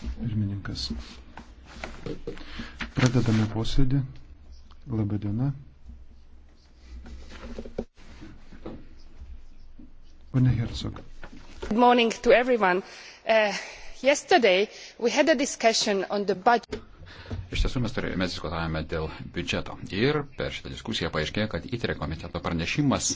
Pirmininkas. Pradedame posėdį. Labadiena. Pane Hercog. Good morning to everyone. Uh, yesterday we had a discussion on the budget. Iš tiesų mes, turėjome, mes diskutavome dėl biudžeto ir per šitą diskusiją paaiškėjo, kad įtrė komiteto pranešimas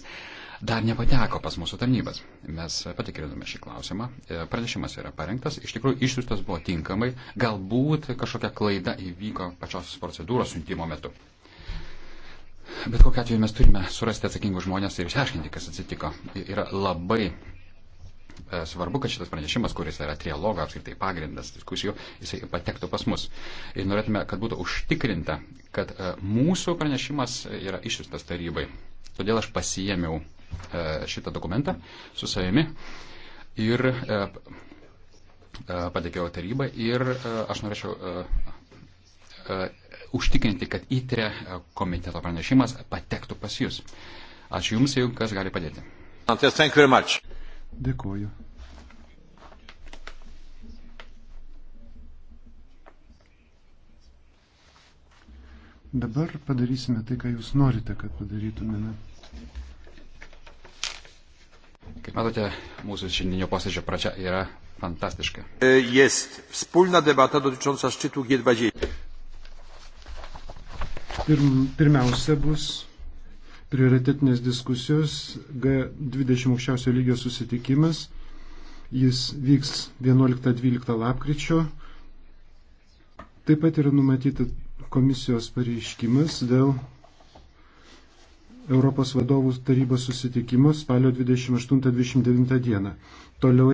dar nepateko pas mūsų tarnybas. Mes patikrinome šį klausimą, e, pranešimas yra parengtas, iš tikrųjų išsiustas buvo tinkamai, galbūt kažkokia klaida įvyko pačios procedūros siuntimo metu. Bet kokiu atveju mes turime surasti atsakingus žmonės ir išsiaiškinti, kas atsitiko. Yra labai E, svarbu, kad šitas pranešimas, kuris yra trialogo apskritai pagrindas diskusijų, jisai patektų pas mus. Ir norėtume, kad būtų užtikrinta, kad e, mūsų pranešimas yra išsiustas tarybai. Todėl aš pasijėmiau e, šitą dokumentą su savimi ir patikėjau tarybai ir aš norėčiau užtikrinti, kad įtrė komiteto pranešimas patektų pas jūs. Ačiū Jums, jeigu kas gali padėti. Thank you very much. Dėkuoju. Dabar padarysime tai, ką jūs norite, kad padarytumėme. Kaip matote, mūsų šiandienio posėdžio pradžia yra fantastiška. E, jest wspólna debata dotycząca szczytu G20. Pirm, pirmiausia bus prioritetinės diskusijos G20 aukščiausio lygio susitikimas. Jis vyks 11-12 lapkričio. Taip pat yra numatyta komisijos pareiškimas dėl Europos vadovų tarybos susitikimo spalio 28-29 dieną. Toliau